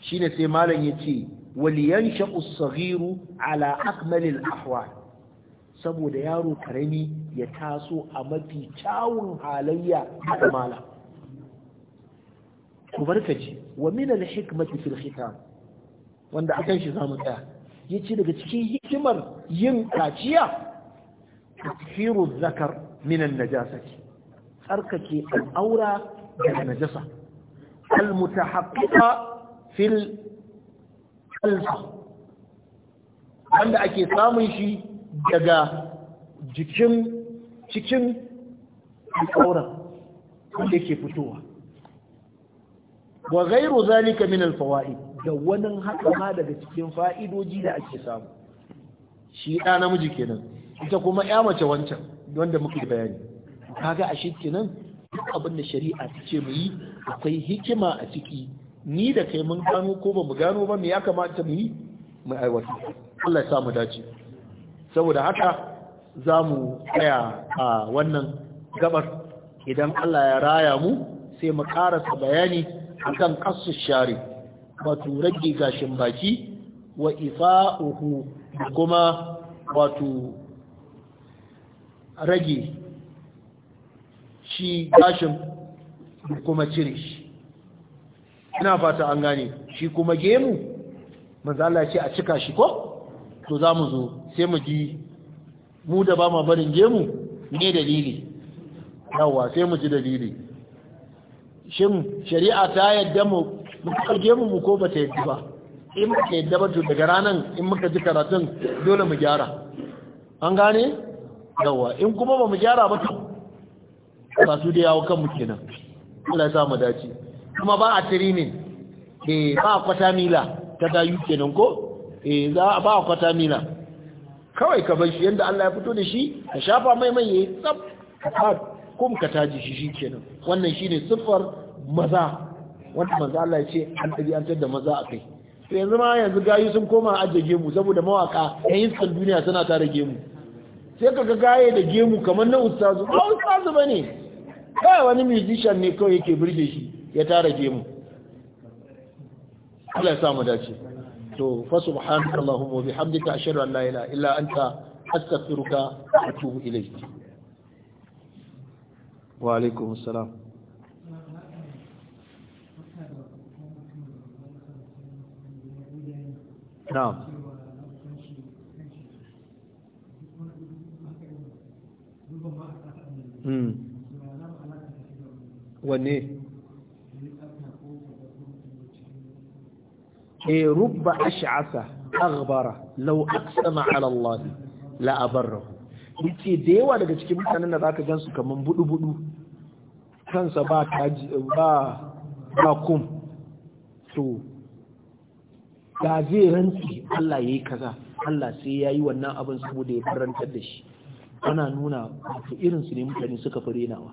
shi ne sai malam ya ce waliyan sha'u sahiru ala akmalil ahwa saboda yaro karami ya taso a mafi kyawun halayya da malam ku barkaci wa min al-hikmati fil khitam wanda akan shi zamu tsaya yace daga cikin hikimar yin kaciya takfiru zakar min an-najasati tsarkake al-aura daga najasa al-mutahaqqiqa fil alfa wanda ake samun shi daga jikin cikin alƙauran wanda yake fitowa wa gairu zalika min alfawaid da wani haka ma daga cikin fa'idoji da ake samu shi ɗa namiji kenan ita kuma ya mace wancan wanda muke bayani kaga a kenan duk abin da shari'a ta ce mu yi akwai hikima a ciki ni da kai mun gano ko ba mu gano ba me ya kamata mu yi mu aiwata Allah ya sa mu dace saboda haka za mu tsaya a wannan gabar idan Allah ya raya mu sai mu karasa bayani akan qassu share, wato rage gashin baki wa ifa'uhu kuma wato rage shi gashin kuma cire shi ina fata an gane shi kuma gemu manzo Allah ce a cika shi ko to za mu zo sai mu ji mu da ba ma barin gemu ne dalili yawa sai mu ji dalili shin shari'a ta yadda mu karge mu ko ba ta yadda ba in muka yadda ba to daga ranar in muka ji karatun dole mu gyara an gane yawa in kuma ba mu gyara ba to ba su da yawo kanmu kenan Allah ya sa mu dace kuma ba a training eh ba a kwata mila ta dayu kenan ko eh za ba a kwata mila kawai ka bar shi yanda Allah ya fito da shi ka shafa mai mai yayi tsaf ka kum ka taji shi shikenan wannan shine siffar maza wanda maza Allah ya ce an ɗabi'antar da maza a kai to yanzu ma yanzu gayu sun koma ajiye gemu saboda mawaka yayin san duniya suna tare gemu sai ka ga gaye da gemu kamar na ustazu ba ustazu ba ne kai wani musician ne kawai yake birge shi ya tara gemu Allah ya sa mu dace to fa subhanaka allahumma wa bihamdika ashhadu an la ilaha illa anta astaghfiruka wa atubu ilayk wa ala'ikum salam na'am wanne e rubba ash'asa aghbara law aqsama ala Allah la abarahu yace da yawa daga cikin mutanen da zaka gansu kamar budu budu kansa ba ba ba kum to ga zai rantsi Allah ya yi kaza Allah sai ya yi wannan abin saboda ya farantar da shi ana nuna wato su ne mutane suka fi renawa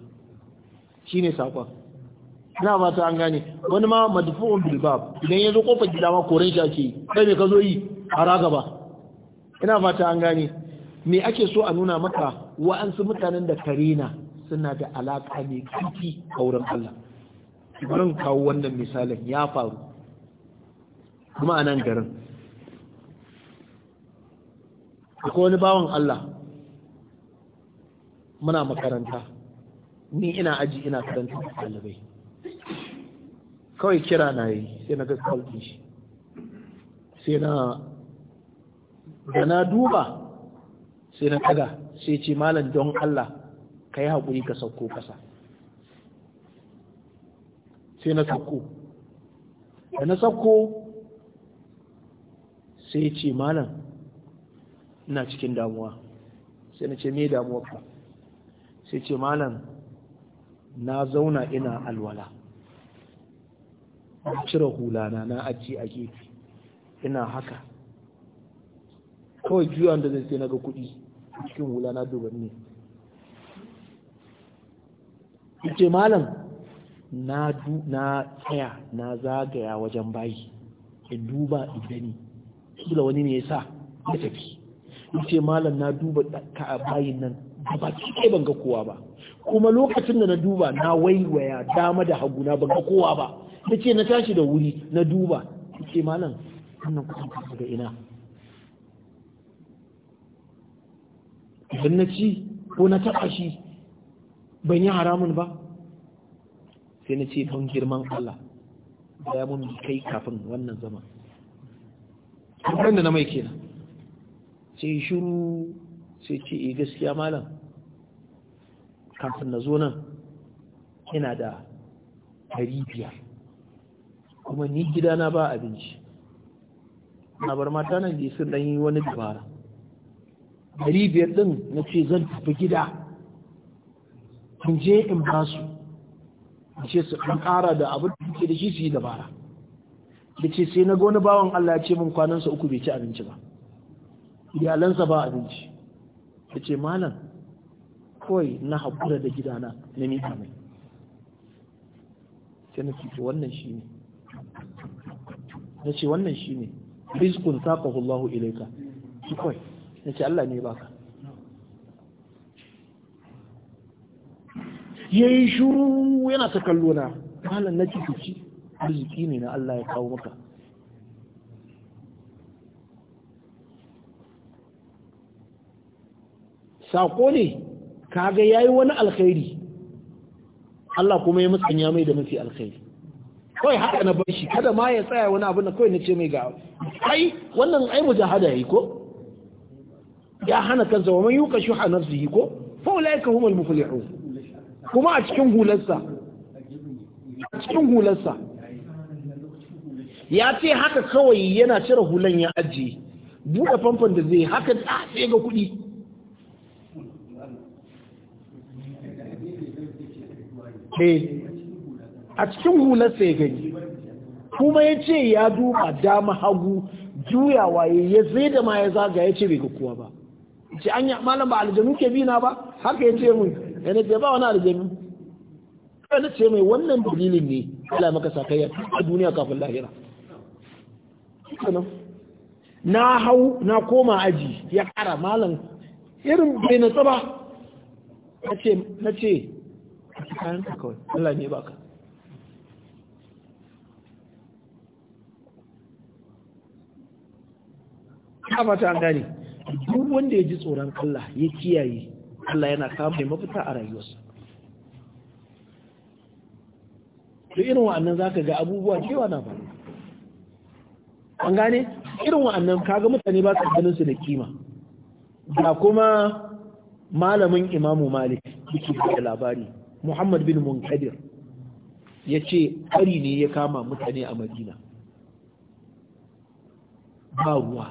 shi ne saƙon ina ba ta an gane wani ma madufu'un bilbab idan ya zo kofar gida ma koren shi ake kai me ka zo yi a ragaba ina ba ta an gane me ake so a nuna maka wa'ansu mutanen da karena suna da alaƙa mai kifi a wurin Allah Ibrahim kawo wannan misalin ya faru kuma a nan garin akwai wani bawan Allah muna makaranta ni ina aji ina karanta ɗalibai kawai kira na yi sai na ga kwalfi shi sai na da na duba sai na ɗaga sai ce malam don Allah ka yi haƙuri ka sauko ƙasa sai na sauko da na sauko sai ya ce malam ina cikin damuwa sai na ce me damuwa ka sai ce malam na zauna ina alwala cire hulana na ajiye a gefe ina haka kawai juyan da zai sai na ga kuɗi cikin hulana dubanni ce malam na tsaya na zagaya wajen bayi in duba idani kila wani ne ya sa ya tafi ce malam na duba ka bayin nan da baki kai ban ga kowa ba kuma lokacin da na duba na waiwaya dama da hagu na ban ga kowa ba ce na tashi da wuri na duba ce malam wannan ga ina idan na ci ko na taɓa shi ban yi haramun ba sai na ce don girman Allah da ya mun kai kafin wannan zama kuɗin da na mai kenan sai shiru sai ce yi eh, gaskiya malam kafin na zo nan yana da ɗari kuma ni gidana ba abinci na bar mata nan da sun ɗanyi wani dabara ɗari biyar ɗin na ce zan tafi gida in je in ba su in ce su ɗan ƙara da abin da ke da shi su yi dabara da ce sai na ga wani bawan Allah ya ce min kwanansa uku bai ci abinci ba iyalansa ba abinci da ce malam kawai na haƙura da gidana na miƙa mai sai na fito wannan shi ne na ce wannan shi ne rizkun saƙahu Allah ilaika kawai na ce Allah ne baka ya yi shuru yana ta kallona malam na ci arziki ne na Allah ya kawo maka saƙo ne kaga ya yi wani alkhairi Allah kuma ya musanya mai da mafi alkhairi kawai haka na bashi, kada ma ya tsaya wani abin da kawai na ce mai ga ai wannan ai jahada yi ko ya hana kansa wa man yuka shuha nafsihi ko fa ulaika humul muflihun kuma a cikin hularsa a cikin hularsa ya ce haka kawai yana cire hulan ya ajiye buɗe famfon da zai haka a ah, sai ga kuɗi eh, a cikin hular sai gani kuma ya ce ya duba dama hagu juyawa ya zai da ma ya zaga ya ce bai ga kuwa ba ce an malam ba aljanu ke bi na ba haka ya ce mun Yana ce ba wani aljanu kai na ce mai wannan dalilin ne ala maka sakayya a duniya kafin lahira na hau na koma aji ya kara malam irin bai natsa ba na ce a kayan ka kawai Allah ne baka ya fata an gane duk wanda ya ji tsoron Allah ya kiyaye Allah yana kawo mai mafita a rayuwarsa to irin wa'annan zaka ga abubuwa cewa na faru an gane irin wa'annan kaga mutane ba su ganin su da kima da kuma malamin imamu malik yake da labari muhammad bin munkadir ya ce ƙari ne ya kama mutane a madina ba ruwa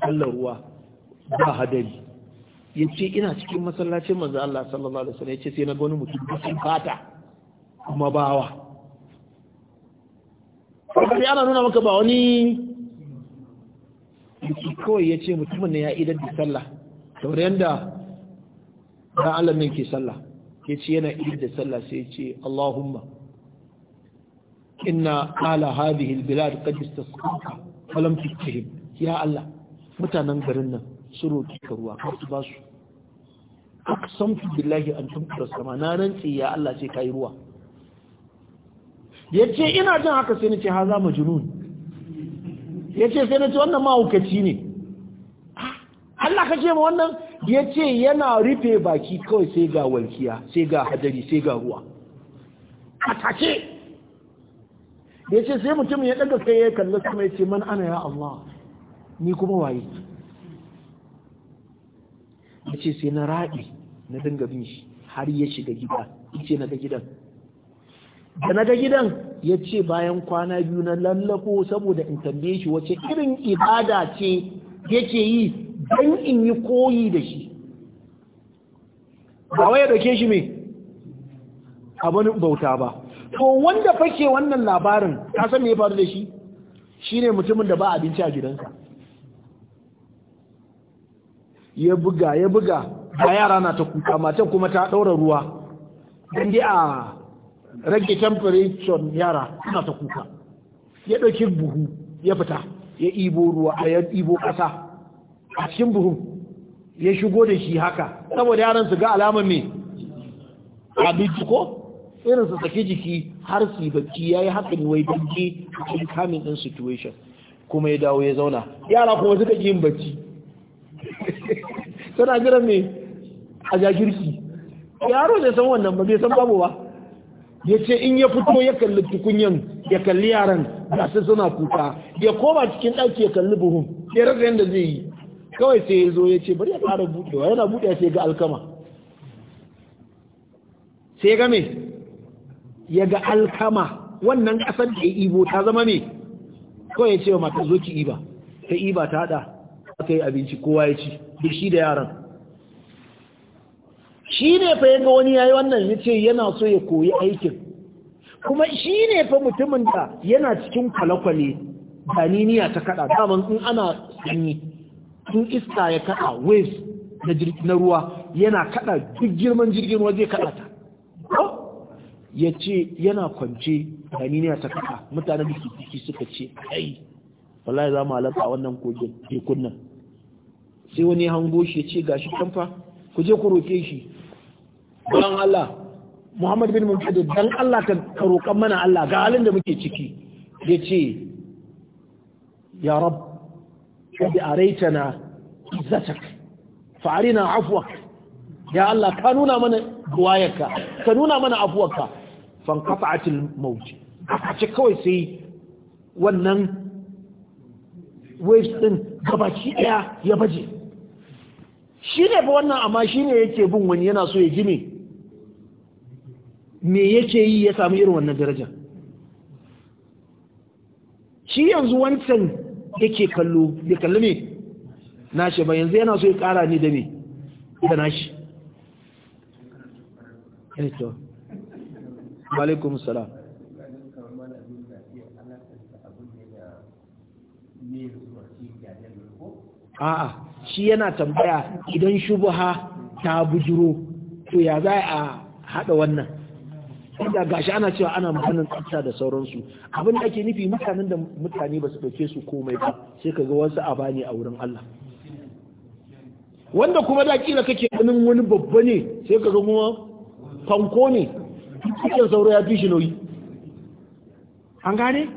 kallon ruwa ba hadari ya ce ina cikin masallacin manzo Allah sallallahu alaihi wasallam ya ce sai na gani wani mutum sun fata kuma bawa. Kuma ana nuna maka ba wani Biki kawai ya ce mutumin ya idar da sallah kamar yadda na alamin ke sallah ya ce yana idar da sallah sai ce Allahumma inna ala hadihi albilad qad istasqaka wa lam ya Allah mutanen garin nan su roki ka ruwa ka ba su aqsamtu billahi an tumkira sama na rantsi ya Allah sai kai ruwa yace ina jin haka sai ni ce ha za majnun ya ce sai na ce wannan mahaukaci ne Allah ka ce ma wannan ya ce yana rufe baki kawai sai ga walkiya sai ga hadari sai ga ruwa a take ya ce sai mutum ya daga kai ya kalli kuma ya ce man ana ya Allah ni kuma waye ya ce sai na raɗi na dinga bin shi har ya shiga gida ya ce na ga gidan da na ga gidan ya ce bayan kwana biyu na lallafo saboda in tambaye shi wace irin ibada ce yake yi don in yi koyi da shi ba wai dauke shi mai abin bauta ba to wanda fake wannan labarin ta san me ya faru da shi shine mutumin da ba abinci a gidansa ya buga ya buga ba yara na ta kuka matan kuma ta ɗaura ruwa dan dai a rage temperature yara suna ta kuka ya ɗauki buhu ya fita ya ibo ruwa ya ibo ƙasa a cikin buhu ya shigo da shi haka saboda yaran su ga alamar me abinci ko irin su saki jiki har su bacci ya haka ne wai dangi cikin kamin ɗin situation kuma ya dawo ya zauna yara kuma suka ƙi yin bacci suna jiran me a jagirki yaro zai san wannan ba bai san babu ba ya ce in ya fito ya kalli tukunyan ya kalli yaran ga su suna kuka ya koma cikin ɗauki ya kalli buhun ya rasa yadda zai yi kawai sai ya zo ya ce bari ya fara buɗewa yana buɗewa sai ga alkama sai ga me ya ga alkama wannan ƙasar da ya ibo ta zama me kawai ya ce wa mata zo ki iba ta iba ta haɗa aka yi abinci kowa ya ci da shi da yaran shi ne fa yaga wani yayi wannan yace yana so ya koyi aikin kuma shi ne fa mutumin da yana cikin kwale-kwale daniniya ta kada daman in ana sanyi in iska ya kada waves na na ruwa yana kada duk girman jirgin waje kada ta ya ce yana kwance daniniya ta kada mutanen da ke suka ce ai wallahi za mu halaka wannan kogin tekun nan sai wani hango shi ya ce gashi kamfa ku je ku roke shi don Allah Muhammad bin Mumtadi dan Allah ka roƙan mana Allah ga halin da muke ciki yace ya rab kad araitana izzatak fa arina afwa ya Allah ka nuna mana duwayarka ka nuna mana afwarka fan qata'atil maut a ce kawai sai wannan waves din gabaki daya ya baje shi ne ba wannan amma shi ne yake bin wani yana so ya ji me yake yi ya samu irin wannan daraja shi yanzu wancan yake kallo ya kalli me nashi ba yanzu yana so ya kara ni da me da nashi eh alaikum a'a shi yana tambaya idan shubuha ta bujiro to ya za a hada wannan da gashi ana cewa ana maganin tsafta da sauransu abin da ake nufi mutanen da mutane ba su ɗauke su komai ba sai ka ga wasu a bani a wurin Allah wanda kuma da kila kake ganin wani babba ne sai ka ga kuma fanko ne cikin sauro ya fi shi nauyi an gane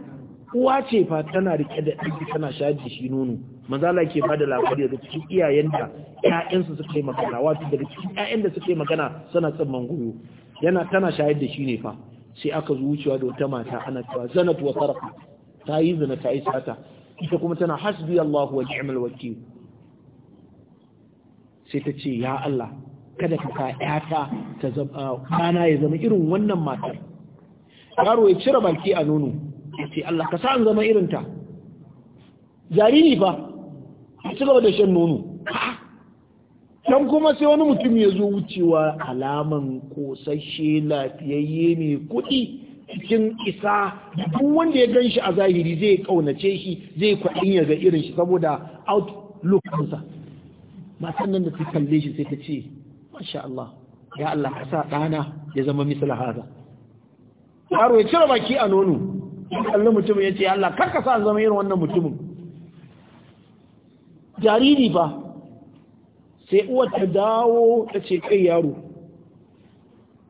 uwa ce fa tana rike da ɗanki tana shayar da shi nono maza manzala ke ba da labari daga cikin iyayen da ƴaƴansu suka yi magana wato daga cikin ƴaƴan da suka yi magana suna tsamman goyo yana tana shayar da shi ne fa sai aka zuciwa da wata mata ana cewa zanat wa sarqa ta yi zina ta yi sata ita kuma tana hasbi Allah wa ni'mal wakil sai ta ce ya Allah kada ka ka ƴata ta zama ya zama irin wannan matar yaro ya cire baki a nono ya ce Allah ka sa an zama irin ta jariri fa ya ci gaba da shan nono can kuma sai wani mutum ya zo wucewa alaman kosashe lafiyayye ne kuɗi cikin isa duk wanda ya ganshi a zahiri zai kaunace shi zai kwaɗin ya ga irin shi saboda outlook ɗinsa matan nan da ta kalle shi sai ta ce masha Allah ya Allah ka sa ɗana ya zama misal haza yaro ya cire baki a nono kalli mutumin ya ce Allah kar ka sa zama irin wannan mutumin jariri ba sai uwar ta dawo ta ce kai yaro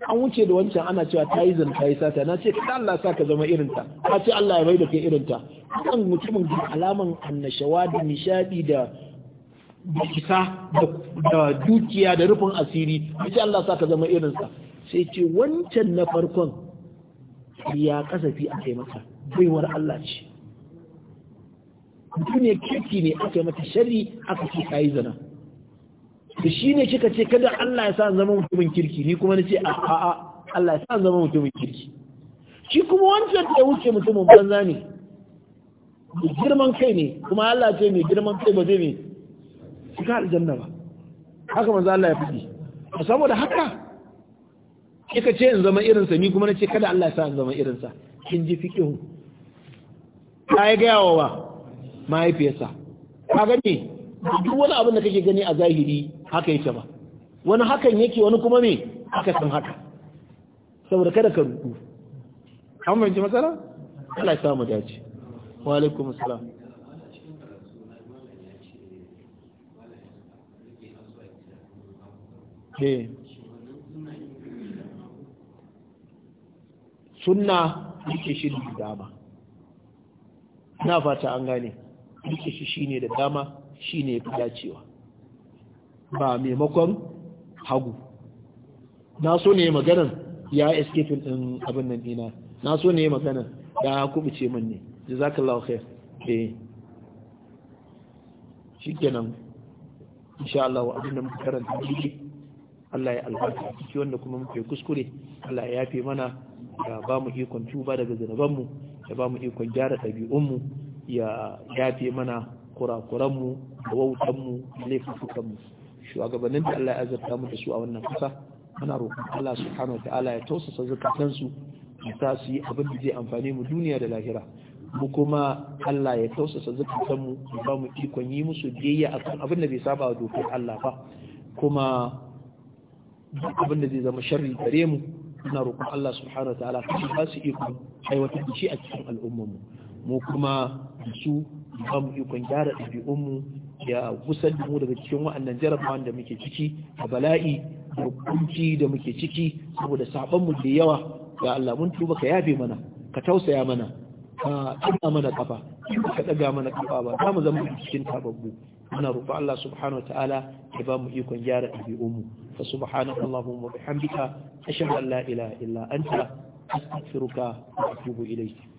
an wuce da wancan ana cewa ta yi zanta yi sata na ce ka Allah sa ka zama irinta ta ce Allah ya bai da kai irinta kan mutumin da alaman annashawa da nishadi da da da dukiya da rufin asiri ta ce Allah sa ka zama irinsa sai ce wancan na farkon ya kasafi a kai mata baiwar Allah ce mutum ne kirki ne aka yi mata shari aka ce ta yi zana da shi ne kika ce kada Allah ya sa zama mutumin kirki ni kuma na ce a a Allah ya sa zama mutumin kirki shi kuma wancan da wuce mutumin banza ne girman kai ne kuma Allah ce mai girman kai ba zai mai shiga aljanna ba haka manzo Allah ya fi A saboda haka kika ce in zama irinsa ni kuma na ce kada Allah ya sa in zama irinsa kin ji fiqhu ta yi gaya wa mahaifiyarsa ka gani duk wani abin da kake gani a zahiri haka yake ba wani hakan yake wani kuma me haka san haka saboda kada ka rubu an mai matsala Allah ya samu dace wa alaikum assalam eh sunna yake shi da dama na fata an gane yake shi shine da dama shine ya fi dacewa ba maimakon hagu na so ne maganan ya escape din abin nan dina na so ne maganan ya kubuce min ne jazakallahu khair eh shikenan insha Allah wa abin da karan karanta Allah ya albarka shi wanda kuma muke kuskure Allah ya yafe mana ya ba mu ikon tuba daga mu, ya ba mu ikon gyara mu, ya yafe mana kurakuran mu da wautan mu da mu. shugabannin da Allah ya azurta mu da su a wannan kasa muna roƙon Allah subhanahu wataala ya tausasa zakatansu ta su yi abin da zai amfani mu duniya da lahira mu kuma Allah ya tausasa zukatanmu ya ba mu ikon yi musu biyayya akan abin da bai saba wa dokar Allah ba kuma abin da zai zama sharri gare mu ana roƙon Allah subhanahu wataala ka ba su ikon aiwatar da shi a cikin al'ummar mu mu kuma da su ba mu ikon gyara mu. ya gusar da mu daga cikin wa'annan jarabawan da muke ciki da bala'i da kunci da muke ciki saboda saban mu da yawa ya Allah mun tuba ka yafe mana ka tausaya mana ka tsada mana kafa ka daga mana kafa ba za mu zama cikin tababbu muna roƙo Allah subhanahu wataala ya ba mu ikon gyara ɗabi'un mu fa subhanaka allahumma wa bihamdika ashhadu an la ilaha illa anta astaghfiruka wa atubu ilayk